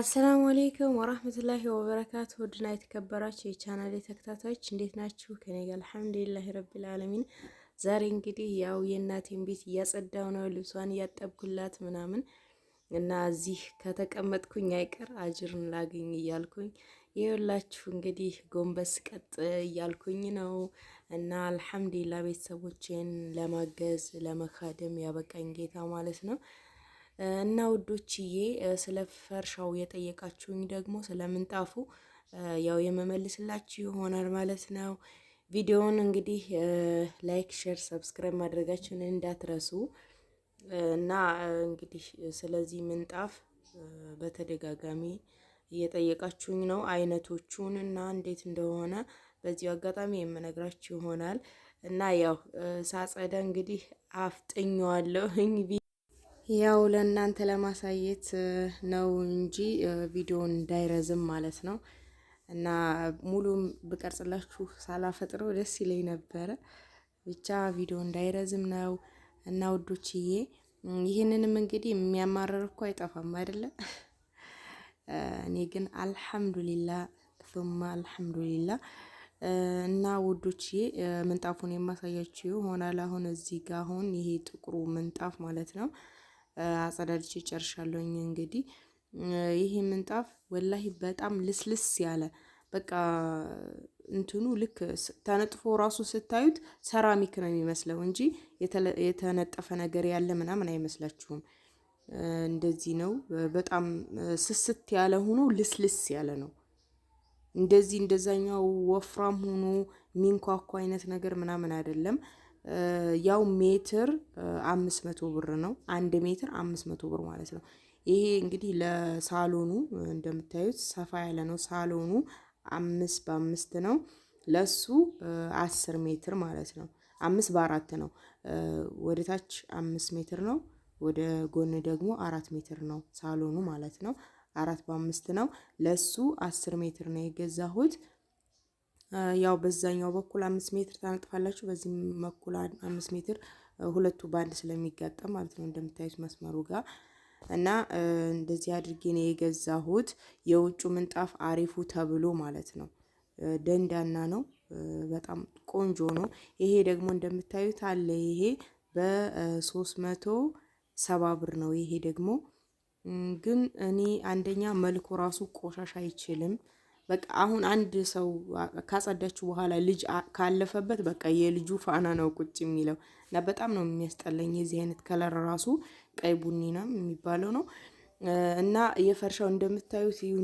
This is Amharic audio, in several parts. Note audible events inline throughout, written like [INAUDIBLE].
አሰላሙ አሌይኩም ወራህመቱላሂ ወበረካቱ። ውድና የተከበራችሁ የቻናሌ ተከታታዮች እንዴት ናችሁ? ከኔ ጋር አልሐምዱሊላህ ረቢል ዓለሚን። ዛሬ እንግዲህ ያው የእናቴን ቤት እያጸዳው ነው፣ ልብሷን እያጠብኩላት ምናምን እና እዚህ ከተቀመጥኩኝ አይቀር አጅርን ላገኝ እያልኩኝ ይኸውላችሁ እንግዲህ ጎንበስ ቀጥ እያልኩኝ ነው እና አልሐምዱሊላህ ቤተሰቦቼን ለማገዝ ለመካደም ያበቃኝ ጌታ ማለት ነው። እና ውዶችዬ ስለ ፈርሻው የጠየቃችሁኝ ደግሞ ስለ ምንጣፉ ያው የመመልስላችሁ ይሆናል ማለት ነው። ቪዲዮውን እንግዲህ ላይክ፣ ሼር፣ ሰብስክራይብ ማድረጋችሁን እንዳትረሱ እና እንግዲህ ስለዚህ ምንጣፍ በተደጋጋሚ እየጠየቃችሁኝ ነው አይነቶቹን እና እንዴት እንደሆነ በዚሁ አጋጣሚ የምነግራችሁ ይሆናል እና ያው ሳጸደ እንግዲህ አፍጥኜዋለሁኝ። ያው ለእናንተ ለማሳየት ነው እንጂ ቪዲዮን እንዳይረዝም ማለት ነው። እና ሙሉም ብቀርጽላችሁ ሳላፈጥረው ደስ ይለኝ ነበረ። ብቻ ቪዲዮ እንዳይረዝም ነው እና ውዶችዬ፣ ይህንንም እንግዲህ የሚያማረር እኮ አይጠፋም አይደለ? እኔ ግን አልሐምዱሊላ ቱማ አልሐምዱሊላ። እና ውዶችዬ ምንጣፉን የማሳያችሁ ይሆናል። አሁን እዚህ ጋር አሁን ይሄ ጥቁሩ ምንጣፍ ማለት ነው አጸዳድቼ ጨርሻለሁኝ። እንግዲህ ይሄ ምንጣፍ ወላሂ በጣም ልስልስ ያለ በቃ እንትኑ ልክ ተነጥፎ ራሱ ስታዩት ሰራሚክ ነው የሚመስለው እንጂ የተነጠፈ ነገር ያለ ምናምን አይመስላችሁም። እንደዚህ ነው። በጣም ስስት ያለ ሆኖ ልስልስ ያለ ነው። እንደዚህ እንደዛኛው ወፍራም ሆኖ ሚንኳኳ አይነት ነገር ምናምን አይደለም። ያው ሜትር አምስት መቶ ብር ነው። አንድ ሜትር አምስት መቶ ብር ማለት ነው። ይሄ እንግዲህ ለሳሎኑ እንደምታዩት ሰፋ ያለ ነው። ሳሎኑ አምስት በአምስት ነው። ለሱ አስር ሜትር ማለት ነው። አምስት በአራት ነው። ወደ ታች አምስት ሜትር ነው። ወደ ጎን ደግሞ አራት ሜትር ነው ሳሎኑ ማለት ነው። አራት በአምስት ነው። ለሱ አስር ሜትር ነው የገዛሁት። ያው በዛኛው በኩል አምስት ሜትር ታነጥፋላችሁ፣ በዚህ በኩል አምስት ሜትር ሁለቱ በአንድ ስለሚጋጠም ማለት ነው እንደምታዩት መስመሩ ጋር እና እንደዚህ አድርጌ ነው የገዛሁት። የውጩ ምንጣፍ አሪፉ ተብሎ ማለት ነው። ደንዳና ነው፣ በጣም ቆንጆ ነው። ይሄ ደግሞ እንደምታዩት አለ። ይሄ በሶስት መቶ ሰባ ብር ነው። ይሄ ደግሞ ግን እኔ አንደኛ መልኩ ራሱ ቆሻሻ አይችልም። በቃ አሁን አንድ ሰው ካጸዳችሁ በኋላ ልጅ ካለፈበት በቃ የልጁ ፋና ነው ቁጭ የሚለው እና በጣም ነው የሚያስጠላኝ። የዚህ አይነት ከለር ራሱ ቀይ ነው የሚባለው ነው እና የፈርሻው እንደምታዩት ይሁ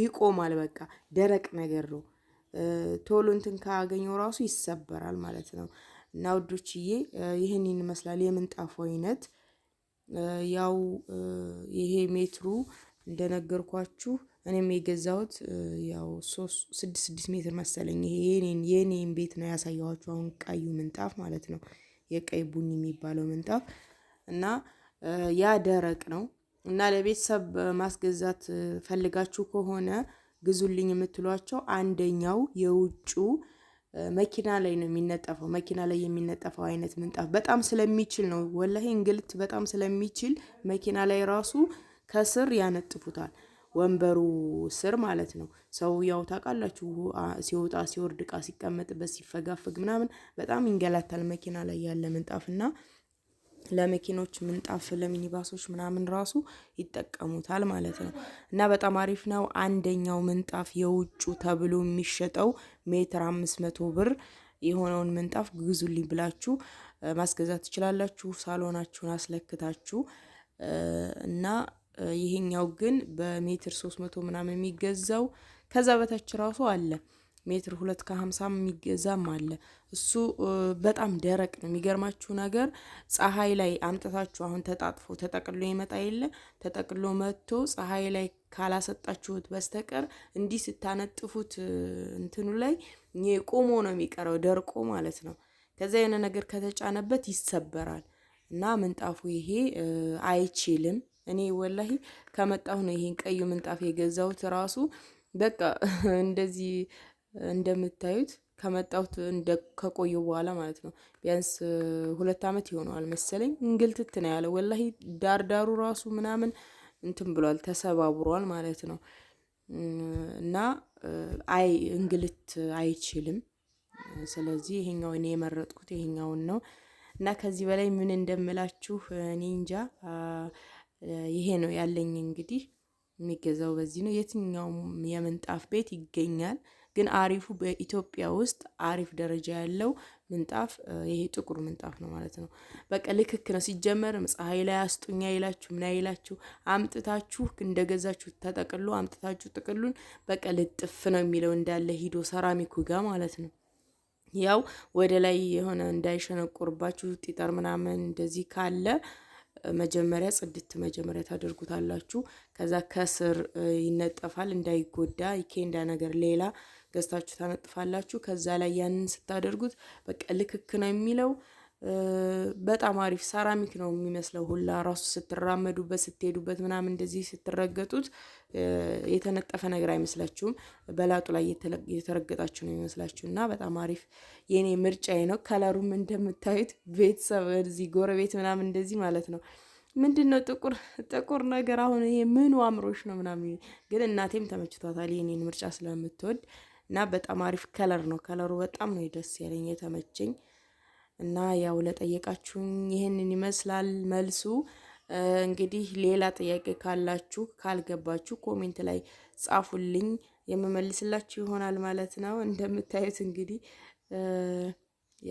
ይቆማል። በቃ ደረቅ ነገር ነው። ቶሎ እንትን ካገኘው ራሱ ይሰበራል ማለት ነው። እና ውዶችዬ ይህን ይመስላል የምንጣፉ አይነት። ያው ይሄ ሜትሩ እንደነገርኳችሁ እኔም የገዛሁት ያው ስድስት ስድስት ሜትር መሰለኝ። ይሄ የኔን ቤት ነው ያሳየኋችሁ። አሁን ቀዩ ምንጣፍ ማለት ነው የቀይ ቡኒ የሚባለው ምንጣፍ እና ያ ደረቅ ነው እና ለቤተሰብ ማስገዛት ፈልጋችሁ ከሆነ ግዙልኝ የምትሏቸው አንደኛው የውጩ መኪና ላይ ነው የሚነጠፈው። መኪና ላይ የሚነጠፈው አይነት ምንጣፍ በጣም ስለሚችል ነው ወላሂ እንግልት በጣም ስለሚችል መኪና ላይ ራሱ ከስር ያነጥፉታል። ወንበሩ ስር ማለት ነው። ሰው ያው ታውቃላችሁ ሲወጣ ሲወርድ እቃ ሲቀመጥበት ሲፈጋፍግ ምናምን በጣም ይንገላታል መኪና ላይ ያለ ምንጣፍ እና ለመኪኖች ምንጣፍ ለሚኒባሶች ምናምን ራሱ ይጠቀሙታል ማለት ነው እና በጣም አሪፍ ነው። አንደኛው ምንጣፍ የውጩ ተብሎ የሚሸጠው ሜትር አምስት መቶ ብር የሆነውን ምንጣፍ ግዙልኝ ብላችሁ ማስገዛት ትችላላችሁ። ሳሎናችሁን አስለክታችሁ እና ይሄኛው ግን በሜትር 300 ምናምን የሚገዛው ከዛ በታች ራሱ አለ። ሜትር ሁለት ከሀምሳ የሚገዛም አለ። እሱ በጣም ደረቅ ነው። የሚገርማችሁ ነገር ፀሐይ ላይ አምጥታችሁ አሁን ተጣጥፎ ተጠቅሎ ይመጣ የለ ተጠቅሎ መጥቶ ፀሐይ ላይ ካላሰጣችሁት በስተቀር እንዲህ ስታነጥፉት እንትኑ ላይ ቆሞ ነው የሚቀረው ደርቆ ማለት ነው። ከዛ የሆነ ነገር ከተጫነበት ይሰበራል እና ምንጣፉ ይሄ አይችልም። እኔ ወላሂ ከመጣሁ ነው ይሄን ቀዩ ምንጣፍ የገዛሁት። ራሱ በቃ እንደዚህ እንደምታዩት ከመጣሁት እንደ ከቆየሁ በኋላ ማለት ነው። ቢያንስ ሁለት ዓመት ይሆነዋል መሰለኝ። እንግልትት ነው ያለ ወላሂ። ዳርዳሩ ራሱ ምናምን እንትን ብሏል፣ ተሰባብሯል ማለት ነው። እና አይ እንግልት አይችልም። ስለዚህ ይሄኛው እኔ የመረጥኩት ይሄኛውን ነው እና ከዚህ በላይ ምን እንደምላችሁ እኔ እንጃ። ይሄ ነው ያለኝ። እንግዲህ የሚገዛው በዚህ ነው። የትኛውም የምንጣፍ ቤት ይገኛል፣ ግን አሪፉ በኢትዮጵያ ውስጥ አሪፍ ደረጃ ያለው ምንጣፍ ይሄ ጥቁር ምንጣፍ ነው ማለት ነው። በቃ ልክክ ነው። ሲጀመር ፀሐይ ላይ አስጡኛ ይላችሁ ምን ይላችሁ አምጥታችሁ እንደገዛችሁ ተጠቅሎ አምጥታችሁ ጥቅሉን በቃ ልጥፍ ነው የሚለው እንዳለ ሂዶ ሰራሚኩ ጋ ማለት ነው ያው ወደ ላይ የሆነ እንዳይሸነቆርባችሁ ጢጠር ምናምን እንደዚህ ካለ መጀመሪያ ጽድት መጀመሪያ ታደርጉታላችሁ። ከዛ ከስር ይነጠፋል እንዳይጎዳ ኬንዳ ነገር ሌላ ገዝታችሁ ታነጥፋላችሁ። ከዛ ላይ ያንን ስታደርጉት በቃ ልክክ ነው የሚለው በጣም አሪፍ ሰራሚክ ነው የሚመስለው ሁላ ራሱ ስትራመዱበት ስትሄዱበት ምናምን እንደዚህ ስትረገጡት የተነጠፈ ነገር አይመስላችሁም። በላጡ ላይ የተረገጣችሁ ነው የሚመስላችሁ እና በጣም አሪፍ የኔ ምርጫዬ ነው። ከለሩም እንደምታዩት ቤተሰብ እዚህ ጎረቤት ምናምን እንደዚህ ማለት ነው ምንድን ነው ጥቁር ጥቁር ነገር አሁን ይሄ ምኑ አምሮሽ ነው ምናምን፣ ግን እናቴም ተመችቷታል የኔን ምርጫ ስለምትወድ እና በጣም አሪፍ ከለር ነው። ከለሩ በጣም ነው ደስ ያለኝ የተመቸኝ። እና ያው ለጠየቃችሁኝ ይህንን ይመስላል መልሱ። እንግዲህ ሌላ ጥያቄ ካላችሁ ካልገባችሁ ኮሜንት ላይ ጻፉልኝ የምመልስላችሁ ይሆናል ማለት ነው። እንደምታዩት እንግዲህ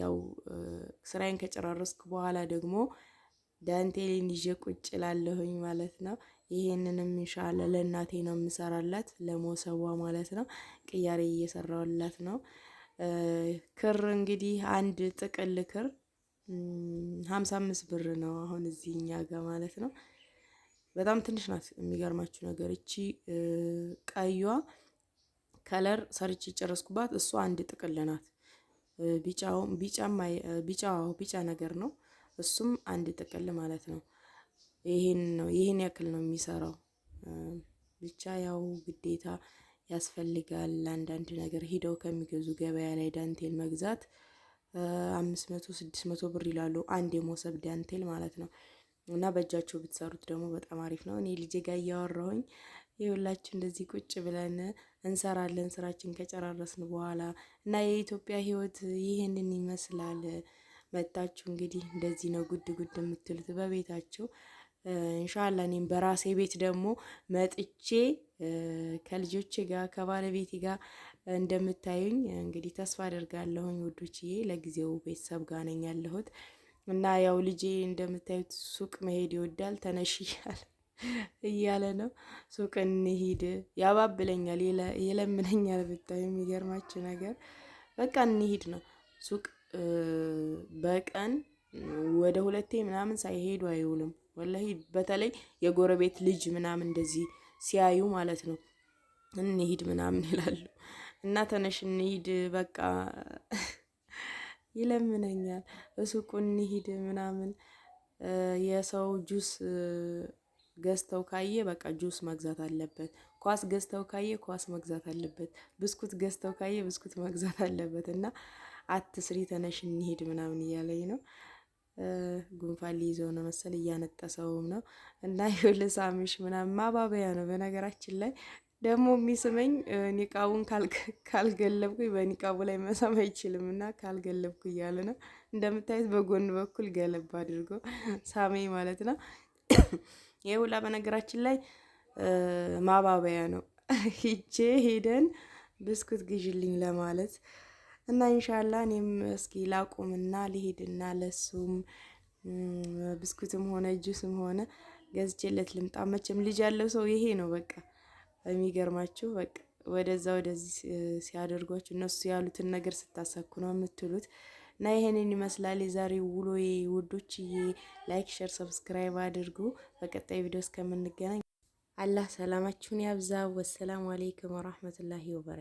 ያው ስራዬን ከጨራረስኩ በኋላ ደግሞ ዳንቴሌን ይዤ ቁጭ ላለሁኝ ማለት ነው። ይሄንንም እንሻለ ለእናቴ ነው የምሰራላት ለሞሰቧ ማለት ነው። ቅያሬ እየሰራውላት ነው። ክር እንግዲህ አንድ ጥቅል ክር ሀምሳ አምስት ብር ነው አሁን እዚህ እኛ ጋር ማለት ነው። በጣም ትንሽ ናት። የሚገርማችሁ ነገር እቺ ቀዩዋ ከለር ሰርች ጨረስኩባት። እሷ አንድ ጥቅል ናት። ቢጫው ቢጫ ነገር ነው። እሱም አንድ ጥቅል ማለት ነው። ይሄን ነው ይሄን ያክል ነው የሚሰራው። ብቻ ያው ግዴታ ያስፈልጋል። አንዳንድ ነገር ሂደው ከሚገዙ ገበያ ላይ ዳንቴል መግዛት አምስት መቶ ስድስት መቶ ብር ይላሉ አንድ የሞሰብ ዳንቴል ማለት ነው። እና በእጃቸው ብትሰሩት ደግሞ በጣም አሪፍ ነው። እኔ ልጄ ጋር እያወራሁኝ ይኸውላችሁ እንደዚህ ቁጭ ብለን እንሰራለን ስራችን ከጨራረስን በኋላ እና የኢትዮጵያ ህይወት ይህንን ይመስላል። መጣችሁ እንግዲህ እንደዚህ ነው ጉድ ጉድ የምትሉት በቤታችሁ እንሻላ እኔም በራሴ ቤት ደግሞ መጥቼ ከልጆቼ ጋር ከባለቤቴ ጋር እንደምታዩኝ እንግዲህ ተስፋ አደርጋለሁኝ ውዶችዬ። ለጊዜው ቤተሰብ ጋር ነኝ ያለሁት እና ያው ልጄ እንደምታዩት ሱቅ መሄድ ይወዳል። ተነሽ እያለ [LAUGHS] እያለ ነው ሱቅ እንሂድ፣ ያባብለኛል፣ ይለምነኛል። ብታዩ የሚገርማችሁ ነገር በቃ እንሂድ ነው ሱቅ በቀን ወደ ሁለቴ ምናምን ሳይሄዱ አይውልም። ወላሂ በተለይ የጎረቤት ልጅ ምናምን እንደዚህ ሲያዩ ማለት ነው እንሂድ ምናምን ይላሉ እና ተነሽ እንሂድ በቃ ይለምነኛል። እሱቁ እንሂድ ምናምን የሰው ጁስ ገዝተው ካየ በቃ ጁስ መግዛት አለበት። ኳስ ገዝተው ካየ ኳስ መግዛት አለበት። ብስኩት ገዝተው ካየ ብስኩት መግዛት አለበት። እና አትስሪ ተነሽ እንሂድ ምናምን እያለኝ ነው። ጉንፋን ሊይዘው ነው መሰል እያነጠሰውም ነው እና [LAUGHS] ልሳምሽ ምናምን ማባበያ ነው። በነገራችን ላይ ደግሞ የሚስመኝ ኒቃቡን ካልገለብኩ በኒቃቡ ላይ መሳም አይችልም እና ካልገለብኩ እያለ ነው። እንደምታየት በጎን በኩል ገለብ አድርጎ ሳሜ ማለት ነው። [COUGHS] ይህ ሁላ በነገራችን ላይ ማባበያ ነው። ሂቼ [LAUGHS] ሄደን ብስኩት ግዥልኝ ለማለት እና ኢንሻላ እኔም እስኪ ላቁምና ልሄድና ለሱም ብስኩትም ሆነ ጁስም ሆነ ገዝቼለት ልምጣ። መቼም ልጅ ያለው ሰው ይሄ ነው በቃ የሚገርማችሁ በቃ ወደዛ ወደዚህ ሲያደርጓችሁ እነሱ ያሉትን ነገር ስታሳኩ ነው የምትሉት። እና ይሄንን ይመስላል የዛሬ ውሎዬ ውዶችዬ። ላይክ፣ ሸር፣ ሰብስክራይብ አድርጉ። በቀጣይ ቪዲዮ እስከምንገናኝ አላህ ሰላማችሁን ያብዛ። ወሰላሙ አሌይኩም ወራህመቱላሂ ወበረካቱ።